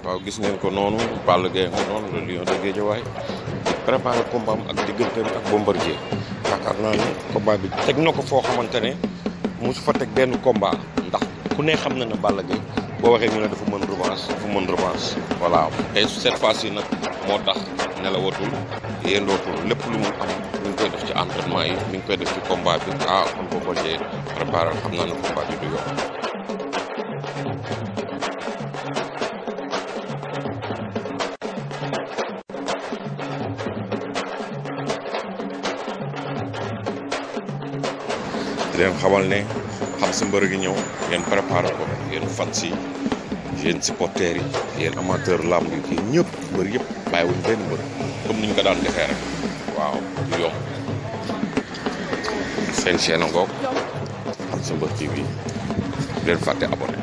waaw gis ngeen ko noonu Balla Gaye nga noonu le lion de Guédiawaye di préparé combat am ak digganteem ak Bombardier yaakaar naa ne combat bi teg na ko foo xamante ne su fa teg benn combat ndax ku ne xam na ne Balla Gaye boo waxee ñu ne dafa mën revanche dafa mën revanche voilà tey cette fois yi nag moo tax nelawatul yendootul lépp lu mu am mi ngi koy def ci entraînement yi mi ngi koy def ci combat bi ah kon Bombardier préparé xam naa ne combat bi du yomb leen xamal ne xam sa mbër gi ñëw ngeen préparé ko yéen fans yi yéen supporters yi yéen amateur làmb yi yéen ñëpp mbër yëpp bàyyiwuñ benn mbër comme ni ko daan defee rek waaw du yomb seen chaîne ngoog xam sa mbër TV leen fàtte abonné